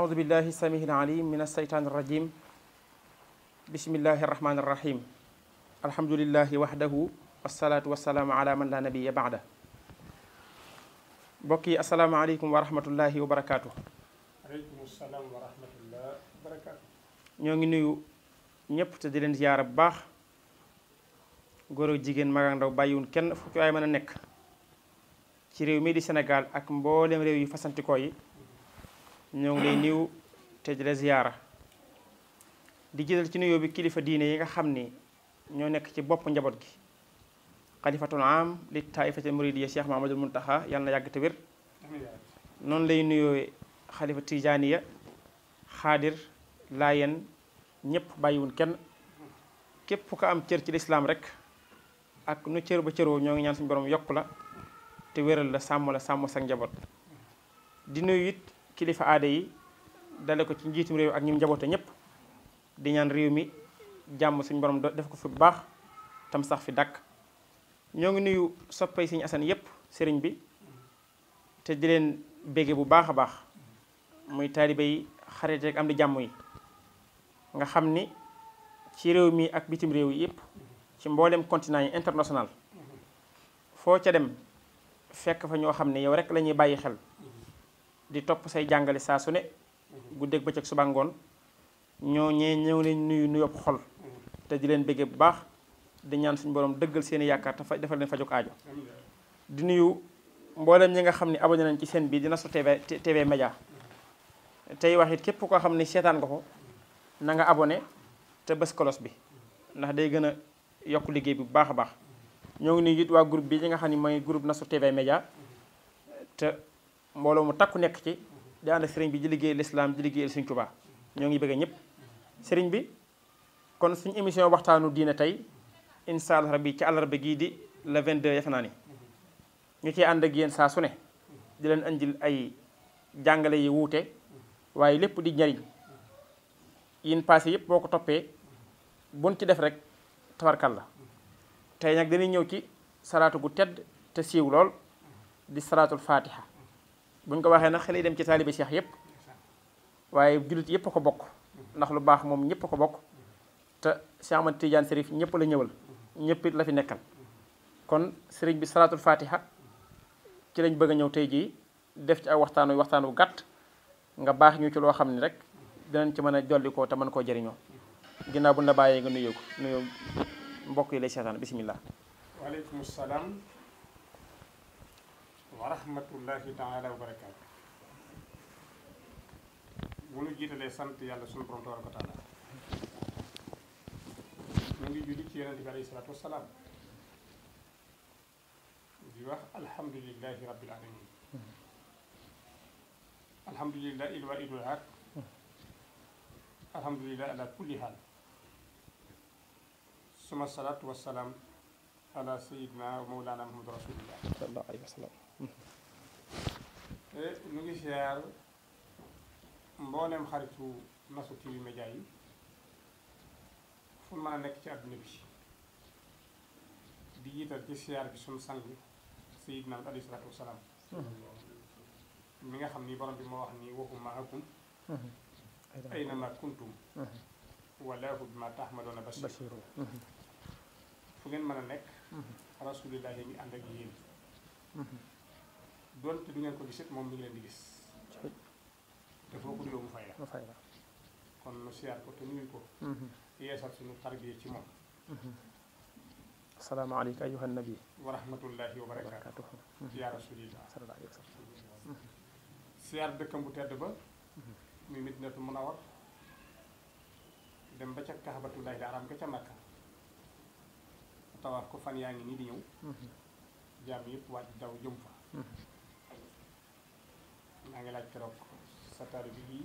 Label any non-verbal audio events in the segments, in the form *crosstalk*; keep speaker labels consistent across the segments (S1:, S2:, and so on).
S1: أعوذ بالله السميع العليم من الشيطان الرجيم بسم الله الرحمن الرحيم الحمد لله وحده والصلاة والسلام على من لا نبي بعده بكي السلام عليكم ورحمة الله وبركاته
S2: عليكم السلام ورحمة الله وبركاته
S1: ñoo نيو nuyu ñëpp زيارة باخ غورو جيجن bu baax بايون ak jigéen mag ak ndaw bàyyiwun kenn fu ci waay mën a nekk ci réew ñoo ngi lay niw te di la di jël ci nuyo bi kilifa diine yi nga xamni ni ñoo nekk ci bop njabot gi khalifatul am li taaifatil ya cheikh mahamadul muntaha yalla yag te wir non lay nuyoo xalifa tijaaniya xaadir laayen ñëpp bàyyiwun kenn kep ku am cër ci l'islam rek ak nu cër ba cëro ñoo ngi ñaan suñu borom yokk la te wëral la sammu la sammu sax njabot di nuyu it kilifa aada yi dale ko ci njiitum réew ak ñi njaboote ñëpp di ñaan réew mi jàmm suñ borom def ko fi bu baax tam sax fi dàkk ñoo ngi nuyu soppay Sëriñ Asan yëpp sëriñ bi te di leen bége bu baax a baax muy taalibe yi xarit rek am di jàmm yi nga xam ni ci réew mi ak bitim réew yi yëpp ci mboolem continent yi international foo ca dem fekk fa ñoo xam ne yow rekk lañuy bàyyi xel di top say jangale sa su ne ak bëccëg suba ngon ñoo ñe ñew ne nuyu nuyoob xol te di len bege bu baax di ñaan suñu borom deggal seen yaakaar ta defal len fajuk aajo di nuyu mbolam ñi nga xamni abonné nañ ci seen bi dina su TV TV media tay waxit kep ko xamni setan nga ko na nga abonné te bes kolos bi ndax day gëna yok liggey bi bu baax baax ñoo ngi nuyu it groupe bi nga xamni moy groupe nasu TV media te mbolo mu takku nek ci di and serigne bi di liggéey l'islam di liggéeyal serigne touba ñoo ngi bëgg ñëpp serigne bi kon suñu émission waxtaanu diina tay inshallah rabbi ci àllarba gi di le 22 yafe ni ñu ci and ak yeen sa suné di leen andil ay jàngale yi wuté waaye lépp di njariñ yin passé yëpp boo ko toppee buñ ci def rek tabarkal la tey nag dañuy ñëw ci salaatu gu tedd te siiw lool di salaatul fatiha buñ ko waxee na xel yi dem ci taalibe Cheikh yëpp waaye jullit yëpp a ko bokk ndax lu baax moom ñëpp a ko bokk te Cheikh Ahmad Tidiane Serif ñëpp la ñëwal ñëpp la fi nekkal kon sëriñ bi salaatul fatiha ci lañ bëgg a ñëw tey jii def ci ay waxtaanu waxtaanu gàtt nga baax ñu ci loo xam ne rek dinañ ci mën a jollikoo te mën koo jariñoo ginnaaw bu ñu bàyyee nga nuyoo ko mbokk yi lay seetaan bisimilah.
S2: waaleykum salaam. ورحمة الله تعالى وبركاته bu nu jiitalee sant yàlla sunu borom tabaraka wa taala ñu ngi julli ci yonente bi alayhi salaatu wasalaam di wax alhamdulilahi rabbil alamin alhamdulilah il wa idul aat alhamdulilah ala kulli haal suma salaatu wasalaam ala sayidna mawlana muhammad rasulillah
S1: sallallahu alayhi wa sallam
S2: ñu ngi siyaar mbooleem xaritu Nasrou TV média yi mën a nekk ci àdduna bi di yiital ci siyaar bi suñu sang sayidna bi alayhi salaatu wasalaam mi nga xam ni borom bi moo wax ni waxuma akum ayna ma kuntum mhm. wallahu bima taxmaluuna basiir fu ngeen mën a nekk Mm-hmm. rasulillah ngi ànd ak yéen mm-hmm. doonte du ngeen ko gisit moom mi ngi leen di gis te foo ko duyoo mu fay la kon siyaar ko te nuyu ko mm-hmm. yeesal suñu tarbiya ci moom
S1: assalaamu aleyka ayuha nabi
S2: wa rahmatullahi wa barakaatu yaa rasulillah sallallahu alayhi wa siyaar dëkkam bu tedd ba muy Madinatul Munawwara dem ba ca Kaabatullahi al Haraam ga ca Makka tawaat ko fan yaangi ni nii di ñëw jaam mhm. yëpp waaj daw jëm fa mhm. maa ngi laaj keroog sa taari bi bii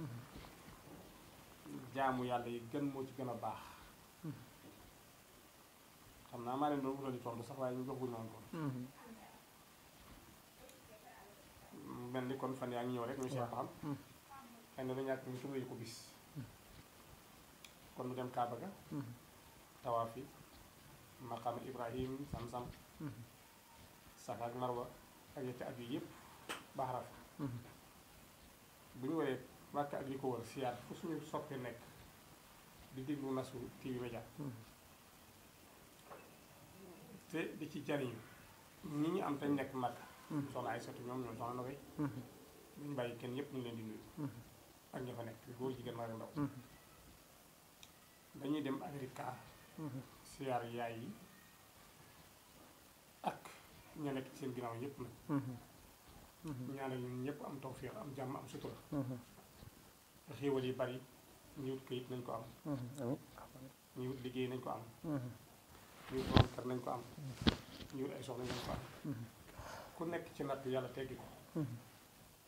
S2: mhm. jaamu yàlla yi gën moo ci gën a baax xam naa maa leen doon wutal di tontu sax waaye ñu jox guñ ko mel ni kon fan yaa ngi ñëw rek ñu seet xam xëy na dañu àkk ñu ko bis kon mu dem Kaaba ga tawaaf yi makam ibrahim sam-sam hmm. safa ak marwa ak yetti at yii yëpp baax raf hmm. bu ñu ak li ko wër siyaat fu suñu soppe nek di déglu nasu TV Média hmm. te di ci jariñu ñi ñu am tañ nekk màkk soxna ay sotti ñoom ñoom soxna na koy duñ bàyyi kenn yep ñu leen di nuyu ak ña fa nekk góor jigéen mag dañuy dem Amerika siyaar yaay yi ak ña nekk ci seen ginnaaw ñëpp nag ñaanal ñun ñëpp am tawféex am jàmm am sutura xéewal yi bari ñu wut nañ ko am ñu wut liggéey nañ ko am ñu wut borom nañ ko am ñu wut ay soxla ko am ku nekk ci natt yàlla teggi ko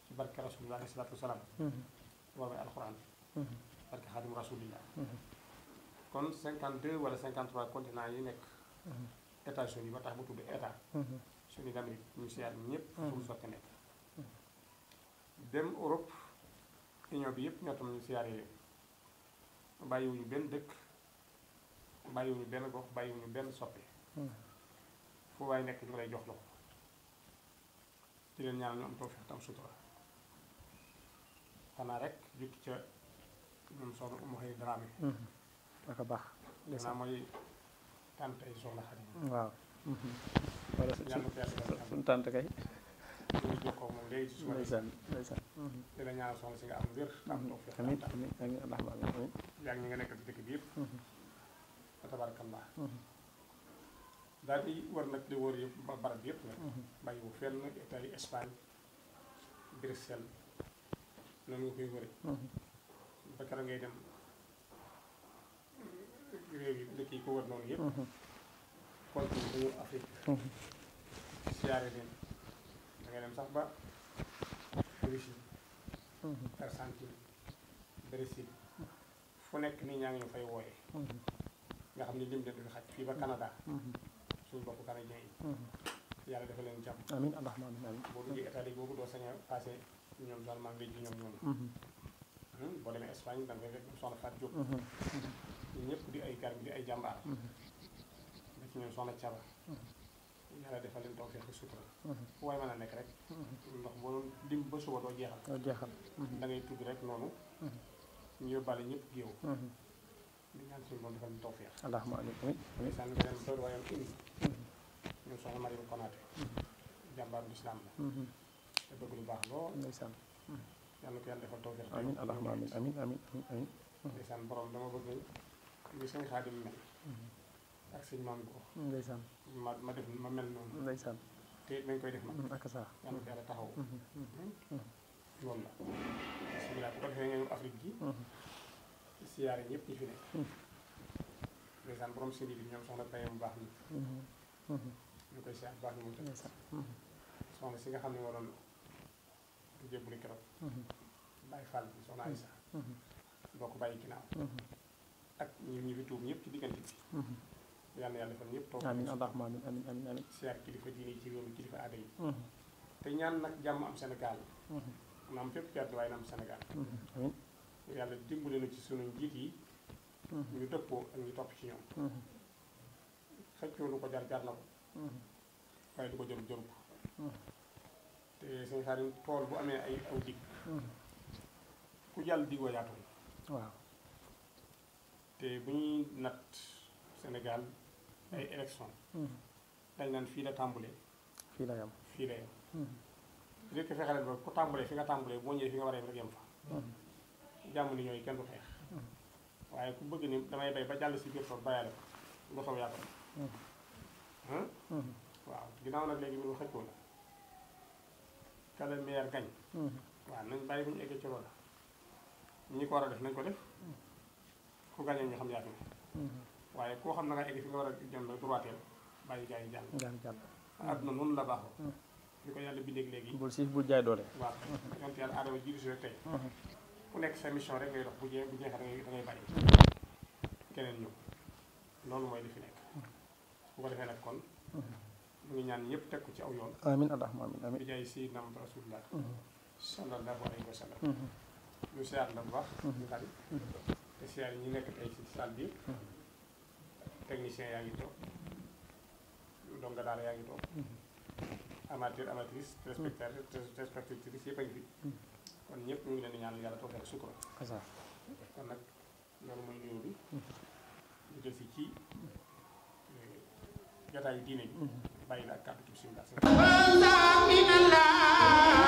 S2: ci barke rasulillah alayhi salaatu wasalaam borom mm-hmm. alxuraan barke xaadim rasulillah kon 52 wala 53 continents yi nekk. Mhm. États-Unis ba tax bu tudd état. Mhm. suñu d'Amérique ñu seet ñëpp. pour mhm. sotti nekk. dem Europe union bi yëpp ñoo tam ñu siyaare leen bàyyiwuñu benn dëkk bàyyiwuñu benn gox bàyyiwuñu benn soppe fu waaye nekk ñu lay jox loxo ci leen ñaanal ñu am tawfeex tam sutura xanaa rek jukki ca ñoom soxna Umu Xëy Dramé dafa baax. ndeysaan mooy tante yi soxna Xadi.
S3: waaw. *laughs* wala suñu tante kay.
S2: ndeysaan ndeysaan. Mm-hmm. di la ñaanal soxna si nga am wér. am mm-hmm. toog fi amiin amiin amiin. yaa ngi nga nekk ci dëkk bi yëpp. wa mm-hmm. tabarakallah. daal di war nag di wër yëpp ba barab yëpp nag. bàyyi wu fenn Italie Espagne Bruxelles noonu nga koy wëre. ba keroog ngay dem. réew yi dëkk yi ko war noonu yëpp. continent mhm. ba Afrique. Mhm. siyaare leen da ngay dem sax ba Russie. Mhm. Argentine Brésil fu nekk nii ñaa ngi ñu fay wooyee. nga xam ne lim de du xaj fii ba Canada. suñu bokk canadien yi. yàlla dafa leen jàmm. amiin allahumma amiin amiin. boo duggee Italie boobu a hmm? demee Espagne da nga fay fekk soxna ñëpp di ay garab di ay jàmbaar ba ci ñoom soxna caba yàlla defal leen tawfeex ak sutura waaye mën a nekk rek ndax boo doon lim ba suba doo jeexal doo jeexal da ngay tudd rek noonu ñu yóbbaale ñëpp géew di ñaan suñu borom defal leen tawfeex allahumma amin amin sànni beneen bër waayam indi ñoom soxna Mariam Konaté jàmbaaru lislaam la te bëgg lu baax lool ndeysaan yàlla ko yàlla defal tawfeex amin allahumma amin
S3: amin amin amin
S2: ndeysaan borom dama bëgg ni sëñ Xaadim mel ak sëñ maam Gox ndeysaan ma ma def ma mel noonu ndeysaan te nañ koy def ma mm-hmm, ak saa yàlla ko yàlla taxaw mm-hmm, mm-hmm. hmm? loolu la ngeen Afrique gi siyaare ñëpp ñi fi nekk ndeysaan bi ñoom soxna Baye mu baax ni ñu koy siyaar baax ni mu tëdd si nga xam ne waroon du jébbu ni keroog Baye Fall bi soxna Aïssa boo ko bàyyi ginnaaw ñun ñu fi tuub ñëpp ci diggante bi. Mm-hmm. yàlla yàlla fan ñëpp toog. amiin allahumma amiin amiin amiin amiin. siyaar kilifa diine yi ci réew mm-hmm. te ñaan nag jàmm am Sénégal. Mm-hmm. naam fépp ci àdduna waaye na am yàlla dimbali na ci sunu njiit yi. ñu dëppoo ñu topp ci ñoom. xëccoo lu ko jar na ko. waaye du ko jëm jëm ko. te sëñ Xaadim tool bu amee ay aw dig. ku jàll digoo yaatu. waaw. bu ñuy natt Sénégal ay élection hmm. dañ naan fii la tàmbalee. fii la yem fii la yem. léegi fexe leen ba ku tàmbalee fi nga tàmbalee boo ñëwee fi nga war a yem rek yem fa. Hmm. jàmm ni ñooy kenn du xeex. Hmm. waaye ku bëgg ni damay bay ba jàll si biir tool bàyyi la lu xaw yaa ko. waaw ginnaaw nag léegi bi lu xëccoo la. kala meer gañ. waaw nañ bàyyi bu ñu eggee ci loolu ko war a def nañ ko def. ku gagné ñu mm-hmm. koo xam na nga egg fi nga war a jëm la droiteel bàyyi gars yi jàng jàng adduna noonu la baaxoo mm-hmm. li si rek mm-hmm. tey ku nekk sa mission rek ngay dox bu jeex bu jeexee da ngay da ngay bàyyi keneen ñëw loolu mooy li nekk bu ko defee nag kon mu ngi ñaan ñëpp teg ko ci aw yoon amin allahumma amin amin bi la bu baax ñu tari spécial ñi nekk tey ci salle bi mhm. technicien yaa ngi toog donga daara yaa ngi toog mhm. amateur amatrice téléspectateur mhm. téléspectatrice a ngi fi kon ñëpp ñu ngi leen di ñaanal yàlla toog ak sukkura kon nag loolu mooy nuyoo bi jël si ci eh, jataayu diine bi bàyyi la ak kàddu ci suñu